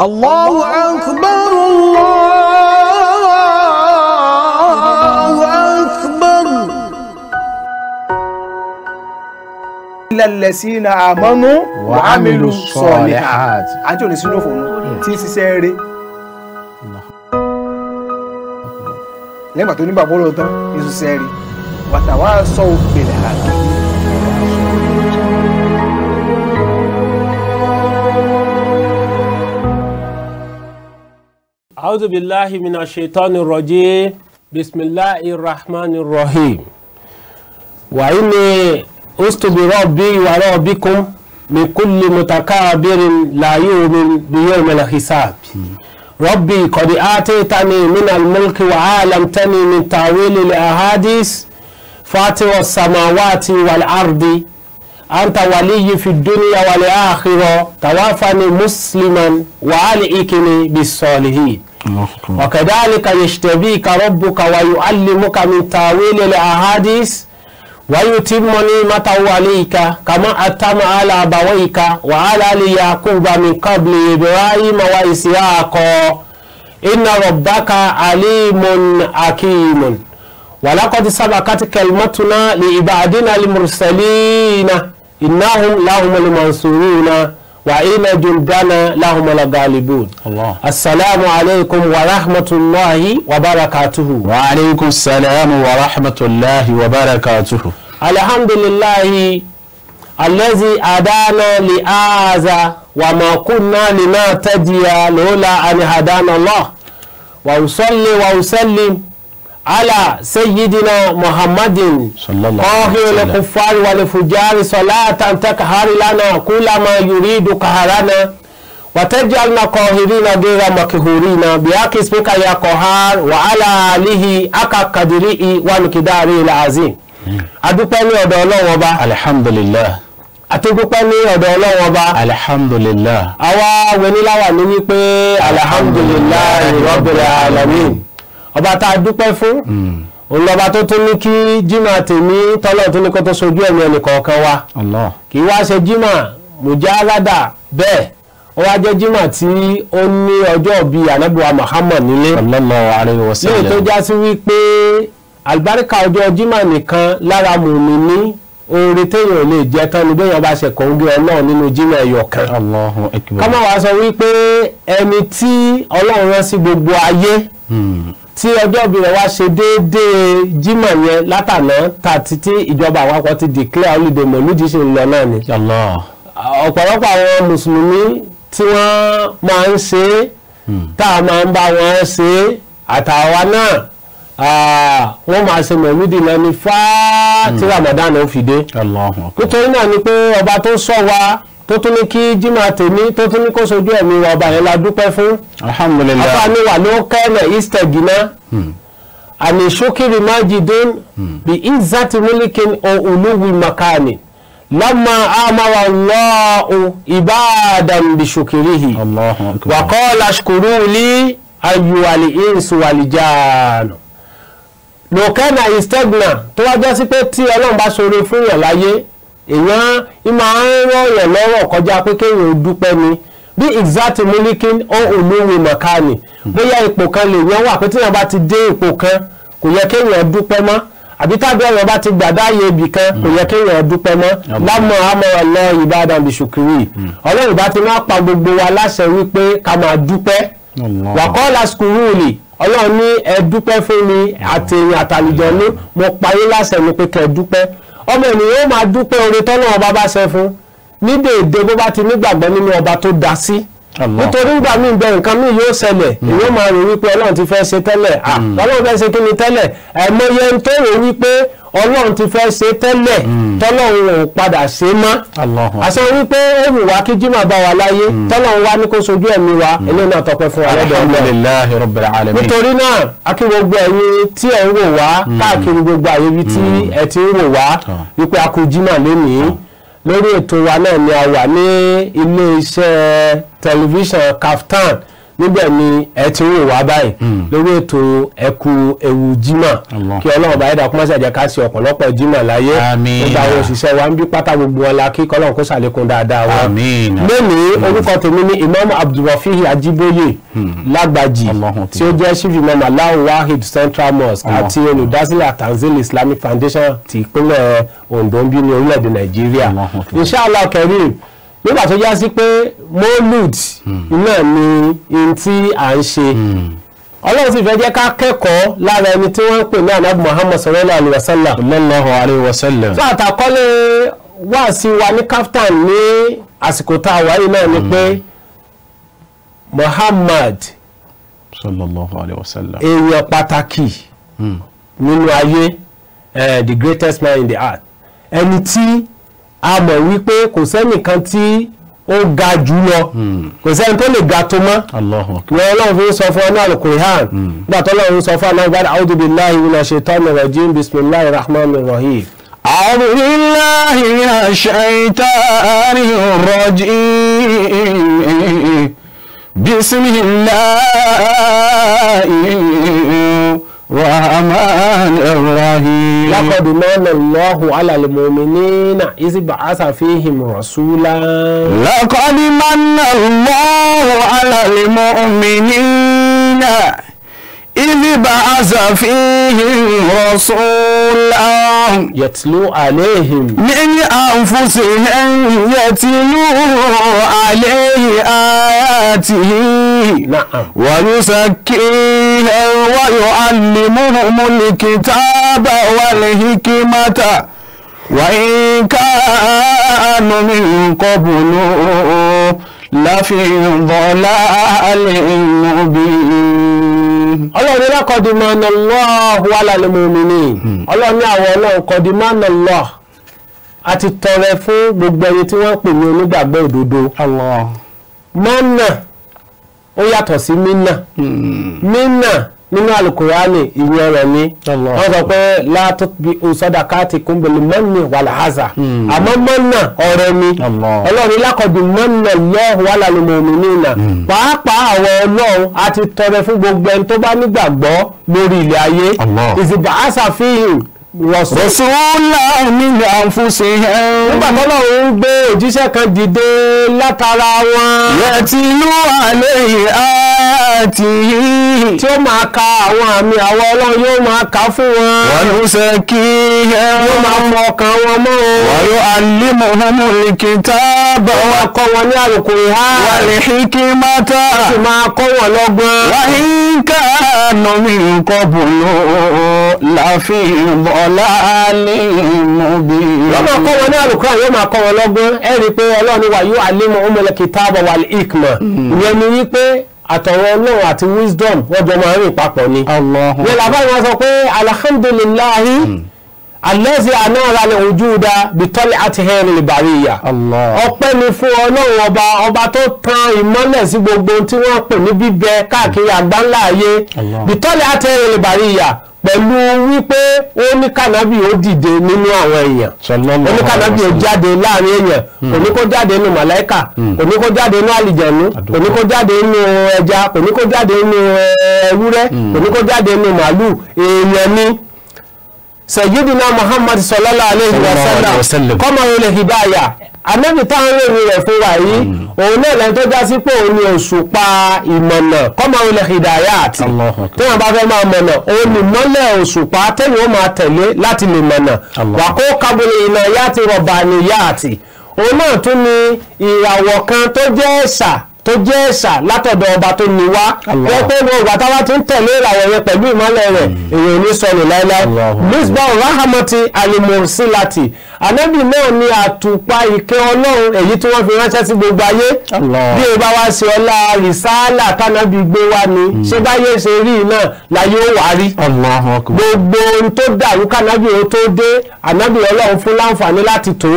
Allahu akbar Allahu akbar. Lẹ́lẹ́sìnà àmọ́nú wàhámìlú sọ̀lẹ̀ àti. Àjọ ní sínú fòun tí ṣiṣẹ́ rí. Nígbà tó ní bàbá olóòótọ́, ní ṣiṣẹ́ rí. Wàtàwá أعوذ بالله من الشيطان الرجيم بسم الله الرحمن الرحيم وإني أست بربي وربكم من كل متكابر لا يؤمن بيوم الحساب ربي قد آتيتني من الملك وعلمتني من تأويل الأحاديث فاتر السماوات والأرض أنت ولي في الدنيا والآخرة توافني مسلما وعلئكني بالصالحين وكذلك يشتبيك ربك ويعلمك من تاويل الاحاديث ويتم نعمته عليك كما أتم على أبويك وعلى يعقوب من قبل إبراهيم وإسحاق إن ربك عليم حكيم ولقد سبقت كلمتنا لعبادنا المرسلين إنهم لهم المنصورون وإن جندنا لهم الغالبون السلام عليكم ورحمة الله وبركاته وعليكم السلام ورحمة الله وبركاته الحمد لله الذي هدانا لهذا وما كنا لنهتدي لولا أن هدانا الله وأصلي وأسلم على سيدنا محمد قاهر الكفار والفجار صلاة تقهر لنا كل ما يريد قهرنا وتجعلنا قاهرين غير مكهورين بحق اسمك يا قهار وعلى آله حق قدره ومقداره العظيم adúpẹ́ ní ọ̀dọ̀ ọlọ́wọ́ bá. alhamdulillah. àti dúpẹ́ ní ọ̀dọ̀ ọlọ́wọ́ bá. alhamdulillah. àwa wẹniláwà ní wípé alhamdulillah rabbil alamin ọba tá a dúpẹ́ fún mm. òun lọ́ba tó tún ní kí jimá tèmi tọ́lọ̀ tún ní kó tó sojú ẹ̀mí ẹnì kọ̀ọ̀kan wa kì í wá ṣe jimá mùjáládà bẹ́ẹ̀ ó wá jẹ́ jimá tí ó ní ọjọ́ bíi anabiwa Muhammad nílé léè tó já sí wípé àlùbáríkà ọjọ́ jimá nìkan lára mùmíní oore téèyàn lè jẹ tán ni béèyàn bá ṣe kòńgé ọlọ́run nínú jímọ̀ ẹyọ kan ká sọ wípé ẹni tí ọlọ́run rán sí gbogbo ayé hmm tí ọjọ́ ìbí rẹ̀ wá ṣe déédéé jímọ̀ yẹn látàná tàti tí ìjọba àpapọ̀ ti declare holiday mọ̀lúdì ṣe ń lọ náà ni. ọ̀pọ̀lọpọ̀ àwọn mùsùlùmí tí wọ́n máa ń ṣe é hmm. tá a máa ń bá wọn ṣe é àtàwa náà wọ́n máa ṣe mọ̀lúdì náà ní fáá tí hmm. Ramadan ó fi dé. nítorí náà ni pé ọba tó sọ wa tó tún ní kí jimá tèmi tó tún ní kó sojú ẹ̀mí wa ọba yẹn la dúpẹ́ fún. alhamdulilayi afa ni wà ló kẹ́lẹ̀ easter gina. Hmm. àmì sókèrè májìdín hmm. bí izati milikin olúwi makani lamma amawa allahu ibadan bi shukrihi wa qala ashkuru li ayyuhal insu wal jan lókẹ́nà ìstẹ́gbìnà tó wájá sí pé tí ọlọ́run bá fún yàn láyé èèyàn ìmọ̀ àwọn ọ̀rọ̀ lọ́rọ̀ kọjá pé kéèyàn ò dúpẹ́ ni bí exact milikin ó olówe mọ̀kánì bóyá ipò kan lè yan wà pé tíyàn bá ti dé ipò kan kò yẹ kéèyàn dúpẹ́ mọ́ àbí tábí ọ̀rọ̀ bá ti gbàdáyé ibì kan kò yẹ kéèyàn dúpẹ́ mọ́ lámọ̀ àmọ̀ràn lọ ìbàdàn bìṣùkìrì hmm. ọlọ́run bá ti máa pa gbogbo wa láṣẹ wípé ká máa dúpẹ́ wàkọ́ọ̀lá sùkúrúùlì ọlọ́run ní ẹ dúpẹ́ fún mi àtẹ̀yìn àtàlùjọ́ ní mo pa láṣẹ ni pé kẹ́ ẹ dúpẹ́ ọmọ ènìyàn ó máa dúpẹ́ oore tọ́lọ́ ọba bá ṣe fún ní dèédé bó bá ti nígbàgbọ́ nínú ọba tó dá sí nítorí ìgbà míì bẹ nǹkan míì yóò ṣẹlẹ̀ hmm. èyí máa rò wípé ọlọ́run ti fẹ́ ṣe tẹ́lẹ̀ ah, hmm. ọlọ́run fẹ́ ṣe kí ni tẹ́lẹ̀ ẹ̀mọye tó rò wípé ọlọ́run ti fẹ́ ṣe tẹ́lẹ̀ hmm. tọ́lọ́run ò padà ṣe mọ́ àṣẹ wípé ó wù wá kí jimá bá wa láyé hmm. tọ́lọ́run wá ní kó sojú ẹ̀mí wa hmm. eléyìí náà tọpẹ́ fún wa lọ́dọ̀ ọlọ́run nítorí náà akí gbogbo ẹ̀yin tí ẹ̀ ń wò wá káàkiri gbogbo àyè ibi tí ẹ̀ ti ń wò wá wípé a jimá lónìí lórí ètò wa náà ni a wà ní ilé tẹlifíṣàn Kaftan níbẹ̀ ni ẹ ti ń wà báyìí hmm. lórí ètò ẹkú ewu jimá kí ọlọ́run báyìí dàkú mọ́sẹ̀ jẹ́ ká sí ọ̀pọ̀lọpọ̀ jimá láyé nígbà àwọn òṣìṣẹ́ wa ń bí pátá gbogbo wọn la kí kọ́lọ́run kó sàlékún dáadáa wa lónìí hmm. orúkọ tèmi ni imam abdulrafihi ajiboye hmm. lágbàjì tí ó jẹ́ chief imam alahu wahid central mosque àti olùdásílẹ̀ tanzil islamic foundation ti ìpínlẹ̀ ondo ń bí ní orílẹ̀-èdè nàìjíríà inshallah karim nígbà tó já sí pé molud hmm. náà ni n tí à ń ṣe hmm. ọlọ́run sì fẹ́ jẹ́ ká kẹ́kọ̀ọ́ lára ẹni tí wọ́n ń pè ní anabi muhammad sallallahu alayhi wa sallam. sallallahu alayhi wa sallam. tó àtàkọ́lé wá sí wa ní kaftan ní àsìkò tá a wà yìí náà ni hmm. pé muhammad sallallahu alayhi wa sallam. èèyàn pàtàkì nínú ayé eh, the greatest man in the earth ẹni tí a mọ̀ wípé kò sẹ́nìkan tí ó ga jù lọ hmm. kò sẹ́ni tó lè ga tó mọ́ ìwọ ọlọ́run fi sọ fún ọ́nà alukurhan hmm. nígbà tó ọlọ́run sọ fún anáwó gbádùn a'udhu billahi minash shaitani rajim bismillahir rahmanir rahim. a'udhu billahi minash shaitanir rajim bismillahir rahman rahim. lákọ̀dù mọ́nà lọ́hùn alàlẹ́ mọ̀mìnì náà ìsìgbà àṣàfihàn rọ̀ṣúlá. lákọ̀dù mọ́nà lọ́hùn alàlẹ́ mọ̀mìnì náà ìdí bá àṣàfihàn rọ̀ṣọ́lá. yẹtìlú àléhìn. ní àǹfùsì yẹtìlú àléhìn àyàtì. ويزكيهم ويعلمهم الكتاب والحكمة وإن كانوا من قبل لفي ضلال مبين ọlọ́run ní lákọ̀dí máa nà lọ́ọ̀hún alálẹ́mọ̀mìnì ọlọ́run ní àwọn ọlọ́run kọ̀dí máa nà lọ́ àti tọrẹ fún gbogbo ẹni tí wọ́n pè ní onígbàgbọ́ òdodo mọ́nà ó yàtọ̀ sí mínà hmm. mínà nínú alukurani ìwé ọ̀rọ̀ ni wọ́n sọ pé látọ bí òsọdà káàtì kúnbẹlẹ mọnà wàlàhásà àmọ́ mọnà ọ̀rọ̀ ni Ọlọ́run lákọọdún mọnà lọhùn wàlàlùmọọmì nìyà pàápàá àwọn Ọlọ́run àti tọrẹ fún gbogbo ẹni tó bá nígbàgbọ́ lórí ilẹ̀ ayé ìsìnkú àṣàfihàn rọ̀sùnlá min anfusihim. nígbà tó náà ń gbé òjíṣẹ́ kan dìde látara wọn. yatlu alayhi ayatihi. tí ó máa ka àwọn àmì àwọn ọlọ́run yóò máa kà fún wọn. wa yuzakkihim. yóò máa fọ ọkàn wọn mọ́. wa yu'allimuhumul kitaba. wọ́n kọ́ wọn ní al-Qur'an. wal hikmata. wọ́n sì máa kọ́ wọn lọ́gbọ́n. wa in kanu min qablu lafi lọ́mọ kọ́ wọn ní àlùkọ́ yóò máa kọ́ wọn lọ́gbọ́n ẹ rí i pé ọlọ́run wà yóò alimu umul kitaba wal hikma hmm. ìyẹn ni wípé àtọ̀wọ́ ọlọ́run àti wisdom wọ́n jọ máa ń rìn papọ̀ ni. ní làbá yìí wọ́n sọ pé alhamdulillahi hmm. allazi anára lè wujuda bitọ́lì àti hẹ́rin ìbàríyà. ọpẹ́ ni fún ọlọ́run ọba ọba tó tan ìmọ́lẹ̀ sí gbogbo tí wọ́n pè ní bíbẹ káàkiri àgbáńlá ayé bitọ́lì àti hẹ́rin ìbàríyà pẹ̀lú wípé ó ní kànábì ó dìde nínú àwọn èèyàn ó ní kànábì ó jáde láàrin èèyàn hmm. kò ní kó jáde nínú màláìkà hmm. kò ní kó jáde nínú àlìjẹ̀nu kò ní kó jáde nínú ẹja kò ní kó jáde nínú eh, ewúrẹ́ hmm. kò ní kó jáde nínú màálù èèyàn ni sayyidina Muhammad sallallahu alayhi wa sallam kọ́mọ ilẹ̀ hidaya ànábì táwọn ròyìn rẹ̀ fún wa yìí mm. òun náà lẹ́nu tó já sí pé òun ni òṣùpá ìmọ̀nà kọ́mọ ilẹ̀ hidayat tí wọ́n bá fẹ́ máa mọ̀nà òun ni mọ́lẹ̀ òṣùpá tẹ́yìn ó máa tẹ̀lé láti lè mọ̀nà wàkó kábọ̀lì ìnà yàtì rọ̀bà ni yàtì òun náà tún ni ìràwọ̀ kan tó jẹ́ ẹ̀ṣà tó jẹ́ ẹ̀sà látọ̀dọ̀ ọba tó ní wá wọ́n pé ní ọgbà táwa ti ń tẹ̀lé ìràwọ̀ yẹn pẹ̀lú ìmọ́lẹ̀ rẹ̀ èèyàn ò ní sọnù láéláé misbah rahamati alimursilati ànábì náà ni àtùpà ìkẹ́ ọlọ́run èyí tí wọ́n fi ránṣẹ́ sí gbogbo ayé bí o bá wá sí ọlá rìsáálà tánábì gbé wá ni hmm. ṣé báyé ṣe rí náà láyé ó wà á rí gbogbo ohun tó dàrú kánábì ó tó dé ànábì ọlọ́run fún láǹfààní láti tó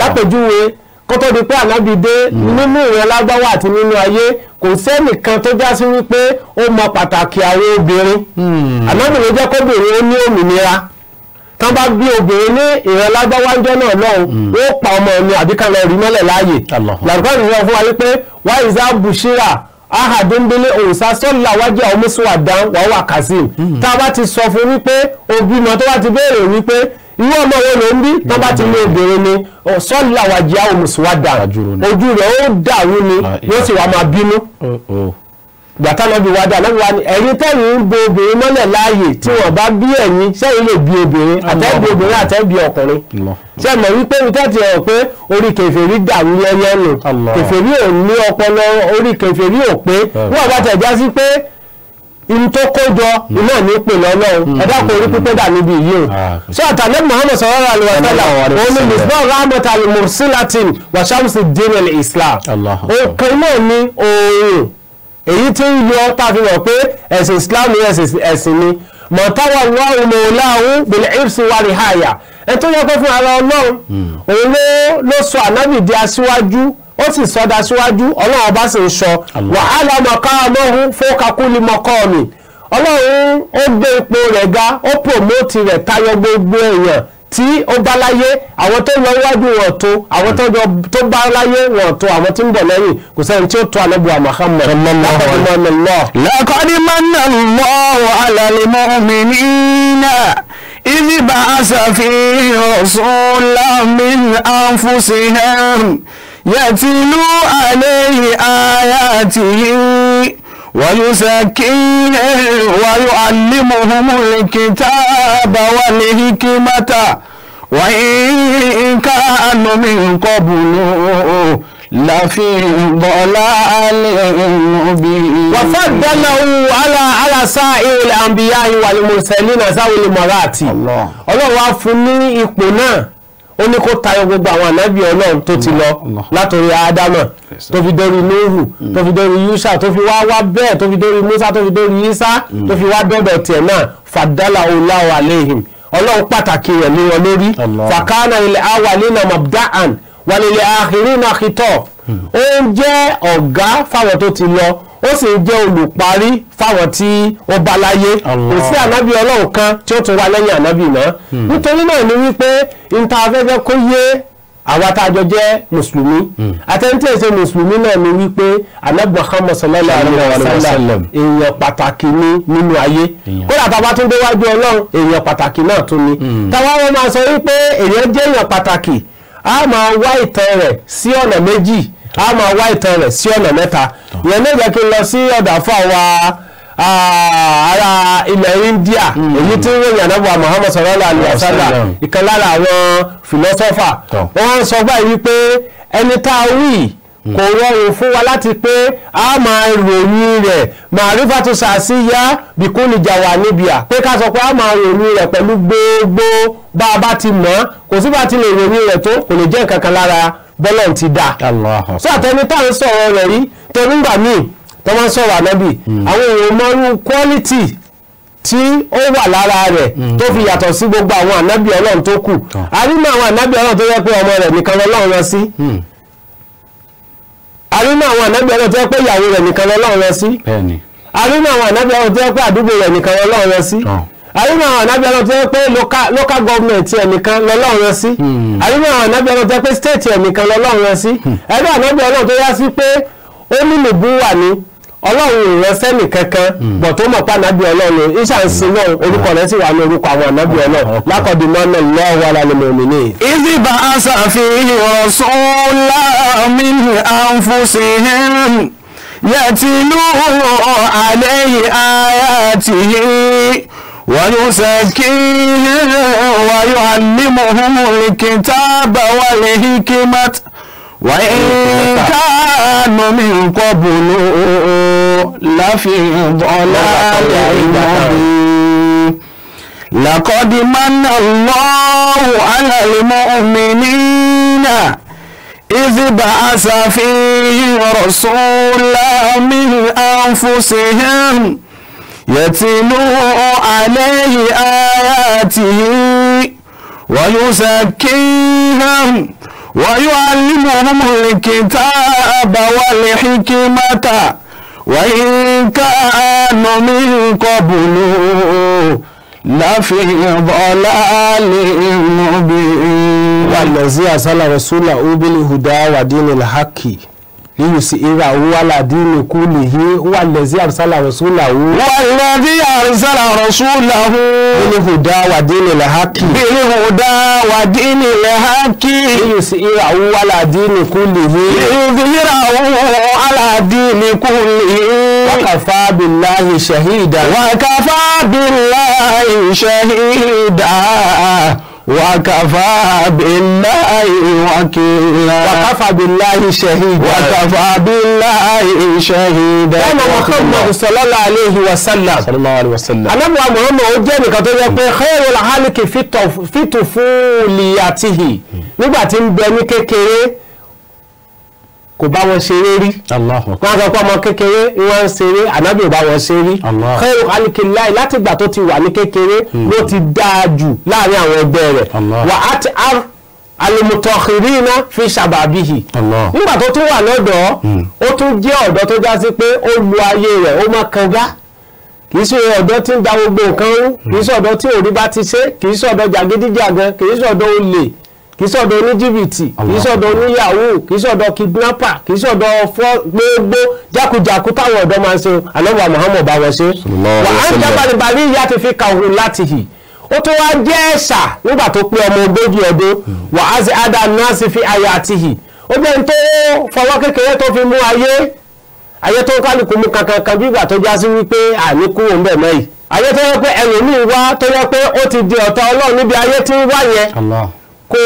lápèjúwe kó tó di pé ànábì dé mm. nínú ìran lágbáwá àti nínú ayé kò sẹ́nìkan tó já sí wípé ó mọ pàtàkì àwọn obìnrin mm. ànábì ló jẹ́ kóbìnrin ó ní òmìnira tán bá bí obìnrin ní ìran lágbáwá ń jẹ́ náà lọ́hùn mm. ó pa ọmọ ẹni àbí kan lọ rí mọ́lẹ̀ láàyè làbúkọ́ ìrìn fún wa wípé wáyíṣà bushira ahadundele òrìṣà sọ́là wájú àwọn mùsùlùmí àdán wàhùn àkàsìm tá a bá ti sọ fún wípé obìnrin tó bá ti béèrè wípé irú ọmọ wo ló ń bí tó bá ti lé obìnrin ni sọ́ọ̀lì làwàjì àwọn mùsùlùmá ojú rẹ̀ ó dàrú ni yóò ah, sì wá máa bínú oh, oh. gbàtà lọ́bi wá dà lọ́bi wá ní ẹ̀yin tẹ́yìn ń bo obìnrin mọ́lẹ̀ láàyè tí wọ́n bá bí ẹ̀yin sẹ́yìn lè bí obìnrin ah, àtẹ́bí obìnrin àtẹ́bí ọkùnrin ṣe mọ̀ wípé mi tẹ́tì ẹ̀ pé orí kẹfẹ́rí dàrú yẹn yẹn nù kẹfẹ́rí ò ní ọpọlọ orí kẹfẹ́rí ò pé ah. wọ́n bá tẹ̀ já sí pé ìntó kójọ hmm. iná ní ìpìlẹ̀ ọlọ́run hmm. ẹ̀dá kò rí pípẹ́ dà níbi yìí o ah, ṣé àtàlẹ́ muhammed sallallahu alaihi wa sallam òun ni misbah rahmat al-mursilatin wa shamsi din al-islam òkan náà ni oòrùn èyí tí ń yọ tá a fi mọ̀ pé ẹ̀sìn islam ni ẹ̀sìn ni mọ̀táwà wọ́ọ̀rùn mọ̀ọ́láhùn bìlẹ̀ ìfṣì wà ní àyà ẹ̀ tó yẹ kó fún ara ọlọ́run hmm. òun ló sọ ànábì di aṣíwájú ó sì sọdá síwájú ọlọ́run bá sì ń sọ wàhálà mọ̀ká ọlọ́run fọ́kakúlì mọ́kọ́ mi ọlọ́run ó gbé ipò rẹ̀ ga ó promote rẹ̀ tayọ gbogbo èèyàn tí ó bá láyé àwọn tó lọ wájú wọn tó àwọn tó bá láyé wọn tó àwọn tí ń bọ̀ lẹ́yìn kò sẹ́ni tí ó tó àlẹ́bù Muhammad laqad manna Allahu ala al-mu'minina idh ba'atha fihim rasulan min anfusihim. يتلو عليه آياته ويزكيهم ويعلمهم الكتاب والحكمة وإن كانوا من قبل لفي ضلال مبين وفضله على على سائر الأنبياء والمرسلين ذوي المراتب الله Ọlọ́run á fún ó ní kó tayọ gbogbo àwọn ànábì ọlọ́run tó ti lọ látòrí ádámà tó fi dórí nuhu tó fi dórí yusa tó fi wá wá bẹ́ẹ̀ tó fi dórí musa tó fi dórí isa mm. tó fi wá dọ́dọ̀ tiẹ̀ náà fàdálà oláwà aléhìm ọlọ́run pàtàkì rẹ̀ ní wọn lórí fàkánà ilẹ̀ awalina mabda'an wàlẹ̀ ilẹ̀ ahirina khitof mm. ó ń jẹ́ ọ̀gá fáwọn tó ti lọ ó sì jẹ́ olùparí fáwọn tí ó bá láyé kò sí ànábì ọlọ́run kan tí ó tún wá lẹ́yìn ànábì náà hmm. nítorí náà ni wípé níta afẹ́fẹ́ kó yé àwa tá a jọ jẹ́ mùsùlùmí hmm. àtẹ̀ntì ẹ̀sẹ̀ mùsùlùmí náà ni wípé ànábì Muhammad sallallahu alaihi wasallam èèyàn pàtàkì ni nínú ayé kódà táwa tún déwájú ọlọ́run èèyàn pàtàkì náà tún ni hmm. táwa wọn máa sọ wípé èèyàn jẹ́ èèyàn pàtàkì a máa wá ìtàn rẹ̀ sí ọ̀nà méjì a máa wá ìtàn rẹ̀ sí ọ̀nà mẹ́ta ìyẹn ló jẹ́ kí n lọ sí ọ̀dà fún àwa ará ilẹ̀ India hmm. èyí tí ń ròyìn ànábọ̀ Muhammad sallallahu alaihi wasallam ìkan lára àwọn fìlọ́sọ́fà wọ́n sọ báyìí wípé ẹni tá a wí hmm. kò rọrùn fún wa láti pé a máa ròyìn rẹ̀ màrífà tó sàṣìyá bìkúnìjà wà níbi à pé ká sọ pé a máa ròyìn rẹ̀ pẹ̀lú gbogbo bá a bá ti mọ̀ kò sí bá ti lè ròyìn rẹ̀ tó kò lè jẹ́ nǹkan kan lára bọ́lọ̀ ti dà. sọ àtẹni tá à ń rẹ̀ yìí tó nígbà míì tó máa ń sọ̀rọ̀ ànábì hmm. àwọn èèyàn mọ irú quality tí ó wà lára rẹ̀ hmm. tó fi yàtọ̀ sí gbogbo àwọn ànábì ọlọ́run tó kù àrínú àwọn ànábì ọlọ́run tó yẹ pé ọmọ rẹ̀ nìkan lọ́lọ́run rán sí àrínú hmm. àwọn ànábì ọlọ́run tó yẹ pé ìyàwó rẹ̀ nìkan lọ́lọ́run rán sí àrínú àwọn ànábì ọlọ́run tó yẹ pé àdúgbò rẹ̀ nìkan lọ́lọ́run rán sí àrínú àwọn ànábì ọlọ́run tó yẹ pé local government ẹnìkan lọ́lọ́run rán sí àrínú àwọn ànábì ọlọ́run tó yẹ pé state ẹnìkan lọ́lọ́run rán sí ẹgbẹ́ ànábì ọlọ́run tó yá sí pé ó ní wà ní ọlọ́run ìrẹsẹ́ nìkankan hmm. bọ̀ tó mọ̀ pànábì ọlọ́run iṣẹ́ náà orúkọ rẹ̀ sì wà ní orúkọ àwọn ànábì hmm. ọlọ́run lákọ̀dé mọ́nà lọ́wọ́ ara lè mọ̀ mí. ìdí bá a ṣàfihàn rọ̀ṣọ́lá mi àǹfọ̀ṣẹ́hìn yẹtìlú àlẹ́yìn tábà wà wàyọ̀ àlímọ̀hún kìtàbà wàlẹ̀ hìkìmọ́tì. وإن كانوا من قبل لفي ضلال مبين لقد من الله على المؤمنين إذ بعث فيهم رسولا من أنفسهم يتلو عليه آياته ويزكيهم ويعلمهم الكتاب والحكمة وإن كانوا من قبل لفي ضلال مبين والذي أرسل رسوله بالهدى ودين الحق ليسئر أول دين كله هو الذي أرسل رسوله والذي أرسل رسوله بالهدى ودين الحق بالهدى ودين الحق ليسئر أول دين كله ليظهره على دين كله وكفى بالله شهيدا وكفى بالله شهيدا wàkàfà bíláì wàkìlá wàkàfà bíláì ṣẹ̀hídà wàkàfà bíláì ṣẹ̀hídà. bẹ́ẹ̀ mọ̀ Muhammad sallallahu alayhi wa sallam sallallahu alayhi wa sallam. alábùwà Muhammad ó jẹ́ nìkan tó yẹ pé khayrul haliki fìtò fúlìyàtìhì nígbà tí ń bẹ ní kékeré kò bá wọn ṣeré rí wọn sọ pé ọmọ kékeré wọn ń ṣeré ànábì ò bá wọn ṣeré kẹrù alikiláì látìgbà tó ti wà ní kékeré hmm. ló ti dáa jù láàrin àwọn ẹgbẹ́ rẹ̀ wà á ti ar alimutọkirina fi ṣàbàbíhì nígbà tó tún wà lọ́dọ̀ hmm. ó tún jẹ́ ọ̀dọ́ tó já sí pé ó lu ayé rẹ̀ ó má kanga kì í ṣe ọ̀dọ́ tí ń da gbogbo nǹkan rú kì í ṣe ọ̀dọ́ tí òrí bá ti ṣe kì í ṣe ọ̀dọ́ jàgídíjàgan kì í ṣe ọ̀dọ́ olè kì í sọ̀dọ̀ oní jìbìtì kì í sọ̀dọ̀ oní yahoo kì í sọ̀dọ̀ kidnapper kì í sọ̀dọ̀ fọ́ gbogbo jákujàku táwọn ọ̀dọ́ máa ń ṣe alọ́wà muhammed bá wọ́n ṣe. wà á ń jábàlì bàbí ìyá ti fi kàwé láti hì ó tún wá jẹ́ ẹ̀ṣà nígbà tó pé ọmọ ogójì ọdún wà á sì ádá náà sì fi ayọ̀ àti hì ó tó fọwọ́ kékeré tó fi mú ayé ayé tó kálukú mú kankan kan bí ìgbà tó já sí wípé àníkú òun bẹ̀ mọ́ yìí ayé tó yẹ pé ẹlòmíín wá tó yẹ pé ó ti di ọ̀tá ọlọ́run níbi ayé tí ń wá yẹn kò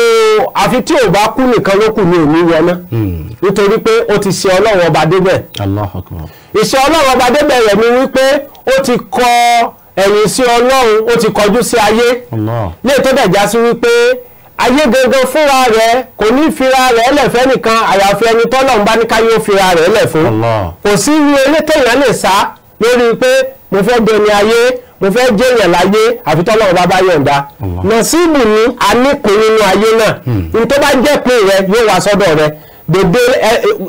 àfi tí ò bá kú nìkan ló kù ní òní wọná hmm. nítorí pé ó ti ṣe ọlọ́run ọba débẹ̀ ìṣe ọlọ́run ọba débẹ̀ rẹ̀ ni wípé ó ti kọ ẹ̀yìn sí ọlọ́run ó ti kọjú sí ayé lè tó dẹ̀ já sí wípé ayé gangan fúnra rẹ̀ kò ní fira rẹ̀ lẹ̀fẹ́ nìkan àyàfi ẹni tọ́lọ́run bá ní ká yóò fira rẹ̀ lẹ̀ fún kò sí irú eré téèyàn lè sá lórí pé mo fẹ́ dẹni ayé mo fẹ́ jẹ́ èèyàn láyé àfi tọ́lọ́run bá bá yọ̀ǹda nọ̀síìbù ni a nípìn nínú ayé náà hmm. ní tó bá jẹ́ pé rẹ yóò wá sọ́dọ̀ rẹ dèdè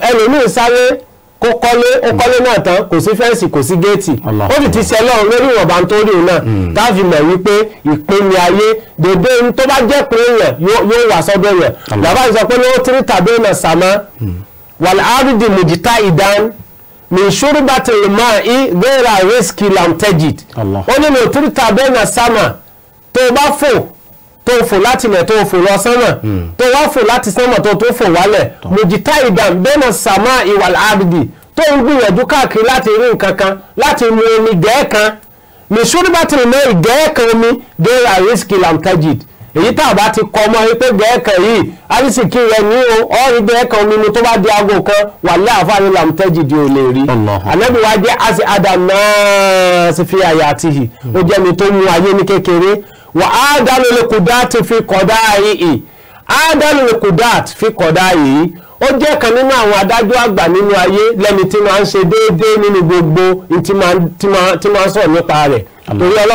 ẹlòmíín sáré kó kọ́lé ó hmm. kọ́lé náà tán kò sí fẹ́ǹsì kò sí géètì ó sì ti ṣe lọ́run lórí ìwọ̀nba tó rí náà káfí hmm. mọ̀ wípé ìpínlẹ̀ ayé dèdè tó bá jẹ́ pé èèyàn yóò wá sọ́dọ̀ rẹ̀ bàbá mi sọ pé ló tírí tàbí ọ̀nà sàmọ́ wàlá min ṣúrúbàtìl máì gẹ́ra rìskì làǹtẹ́jìd ó ní mi ò túrúta bẹ́ẹ̀ na sámà tó bá fò tó fò láti ilẹ̀ tó fò lọ sánmà hmm. tó wá fò láti sánmà tó tó fò wálẹ̀ mùjítà ìdàn bẹ́ẹ̀ na sàmà ìwàl àbìdì tó ń gbìyànjú káàkiri láti rí nǹkan kan láti mu omi gẹ́ẹ̀kan min ṣúrúbàtìl máì gẹ́ẹ̀kan omi gẹ́ra rìskì làǹtẹ́jìd èyí tá a bá ti kọ mọ́ wípé gẹ̀ẹ́kẹ̀ yìí kí rẹ ní o ọ̀rí gẹ̀ẹ́kẹ̀ omi tó bá di aago kan wà ní àfáàní di ò lè rí ànábì wa jẹ́ àti àdàmọ́ sì fi àyà àti hì ó jẹ́ mi tó mu ayé ní kékeré wà á dánú fi kọ̀dá yìí á dánú ti fi kọ̀dá yìí ó jẹ́ kan nínú àwọn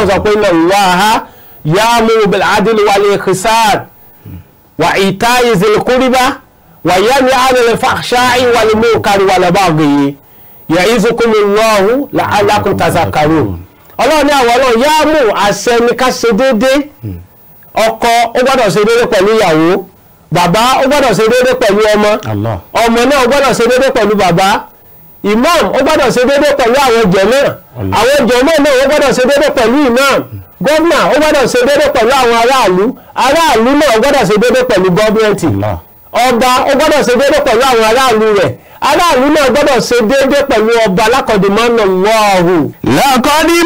adájọ́ ya'muru bil adli wal ihsan wa ita'i zil qurba wa yanha 'anil fahsha'i wal munkari wal baghi ya'izukumullahu la'allakum tazakkarun ọlọ́run ní àwọn ọlọ́run ya'muru àṣẹ ni ká ṣe déédéé ọkọ ó gbọ́dọ̀ ṣe déédéé pẹ̀lú ìyàwó bàbá ó gbọ́dọ̀ ṣe déédéé pẹ̀lú ọmọ ọmọ náà ó gbọ́dọ̀ ṣe déédéé pẹ̀lú bàbá imam ó gbọ́dọ̀ ṣe déédéé pẹ̀lú àwọn jẹ̀mọ́ àwọn jẹ̀mọ́ náà ó gbọ́dọ̀ ṣe déédéé pẹ̀lú imam. Mm. gómìnà ó gbọ́dọ̀ ṣe déédé pẹ̀lú àwọn aráàlú aráàlú náà gbọ́dọ̀ ṣe pẹ̀lú gọ́ọ̀mẹ̀ntì ọba ó gbọ́dọ̀ ṣe déédé pẹ̀lú àwọn aráàlú rẹ̀ aráàlú náà gbọ́dọ̀ ṣe déédé pẹ̀lú ọba lákọ̀dé mọ́nà lọ́ọ̀hù.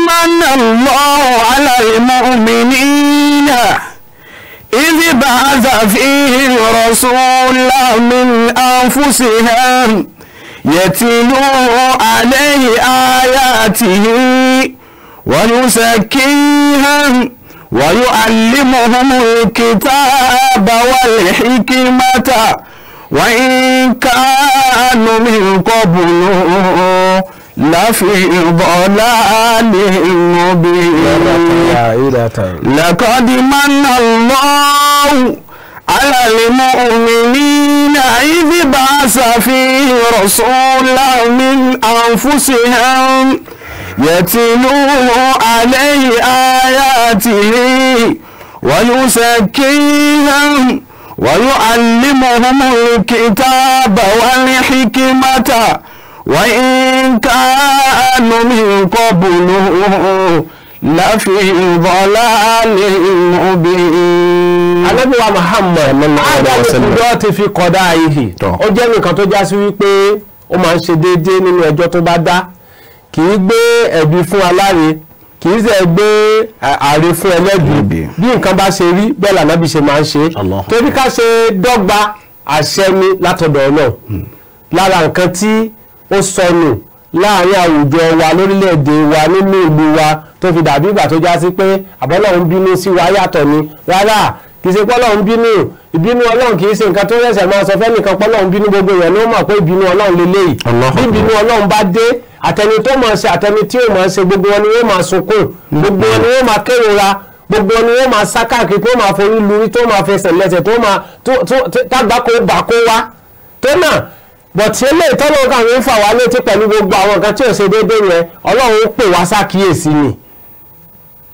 mọ́nà lọ́ọ̀hù aláìmọ́ mi níyà ìdí bá a ويزكيهم ويعلمهم الكتاب والحكمة وإن كانوا من قبل لفي ضلال مبين لقد من الله على المؤمنين إذ بعث فيه رسولا من أنفسهم يتلو عليه آياته ويزكيهم ويعلمهم الكتاب والحكمة وإن كانوا من قبله لفي ضلال مبين. Ànábì wa Muhammad àdàbùkúndọ́ fi qadaihi ó jẹ́ nǹkan tó já sí wípé ó máa ń ṣe déédéé nínú ẹjọ́ tó bá dá kì í gbé ẹ̀bi fún aláre kì í ṣe gbé àre fún ẹlẹ́bi bí nǹkan bá ṣe rí bẹ́ẹ̀ lànàbí ṣe máa ń ṣe torí ká ṣe dọ́gba àṣẹ ni látọ̀dọ̀ náà hmm. lára nǹkan tí ó sọnù láàrin àwùjọ wa lórílẹ̀‐èdè wa nínú ìlú wa tó fi dàbí ìgbà tó já sí pé àbọ́lọ́run bínú sí wa yàtọ̀ ni rárá kì í ṣe pé ọlọ́run bínú ìbínú ọlọ́run kì í ṣe nǹkan tó rẹ̀ṣẹ̀ máa sọ fẹ́nìkan pé ọlọ́run bínú gbogbo èèyàn ló mọ̀ pé ìbínú ọlọ́run lélẹ́yìí bí ìbínú ọlọ́run bá dé àtẹni tó máa ṣe àtẹni tí ò máa ṣe gbogbo wọn ni wọ́n máa sunkún gbogbo wọn ni wọ́n máa kérora gbogbo wọn ni wọ́n máa sá káàkiri tó máa forí luri tó máa fẹsẹ̀ lẹ́sẹ̀ tó máa tágbákò bà kó wá tó náà bọ̀tí eléyìí tọ́lọ́ọ̀kan ló ń fà wá létí pẹ̀lú gbogbo àwọn nǹkan tí ò ṣe déédéé yẹn ọlọ́run ó pè wá sákìyèsí ni